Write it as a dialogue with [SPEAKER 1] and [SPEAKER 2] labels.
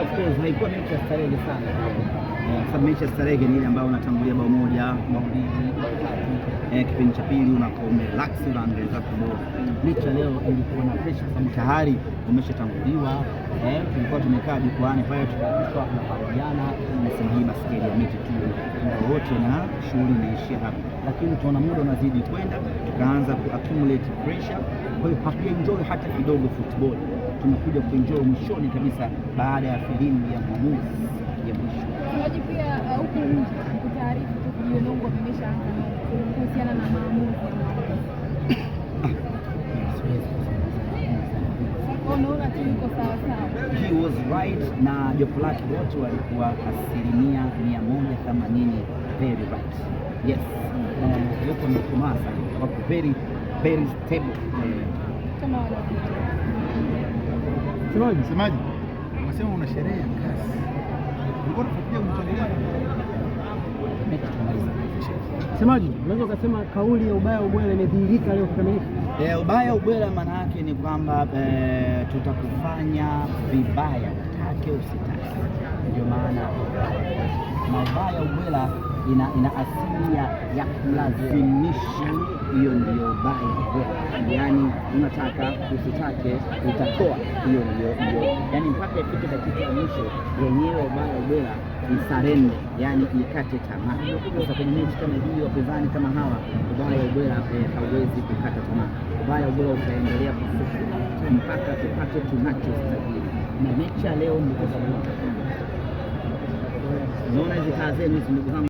[SPEAKER 1] of course haikuwa mechi ya starehe sana, eh, kwa sababu mechi ya starehe ni ile ambayo unatangulia bao moja bao mbili bao tatu, eh, kipindi cha pili unakuwa relax, unaangalia kubora. Mechi ya leo ilikuwa na pressure, sababu tayari umeshatanguliwa. Eh, tulikuwa tumekaa jukwaani pale na tunapambana, nasema hii baskeli ya mechi tu wote na shughuli inaishia hapa, lakini tunaona muda unazidi kwenda, tukaanza ku accumulate pressure, kwa hiyo hatuenjoy hata kidogo football tumekuja kuenjoy mwishoni kabisa baada ya filimu ya mwamuzi ya mwisho.
[SPEAKER 2] Tunaji pia uh, huku kutaarifu tu hiyo kwa kuonyesha kuhusiana na maamuzi ya yuko sawa sawa.
[SPEAKER 1] He was right na jopo lake wote walikuwa asilimia mia moja themanini very right. Yes. Wako uh, wamekomaa sana. Wako very very stable.
[SPEAKER 2] Kama wanavyojua.
[SPEAKER 3] Unasemaje? Unasemaje? Unasema una sherehe ya kazi. Ulikuwa unaweza ukasema kauli ya ubaya ubwela imedhihirika leo kukamilika.
[SPEAKER 1] E, eh, ubaya ubwela maana yake ni kwamba e, tutakufanya vibaya utake usitake, ndio maana mabaya ubwela ina, ina asili ya kulazimisha. Hiyo ndiyo baya, yaani unataka usitake, utatoa. Hiyo ndio yaani, mpaka ifike dakika ya mwisho yenyewe baya ubora isarende, yaani ikate tamaa. Sasa kwenye mechi kama hiyo, wapinzani kama hawa, ubaya ubora eh, hauwezi kukata tamaa, ubaya ubora utaendelea kusuku mpaka tupate tunachostahili. Na mechi ya leo, ndugu zangu, naona hizi taa zenu ndugu zangu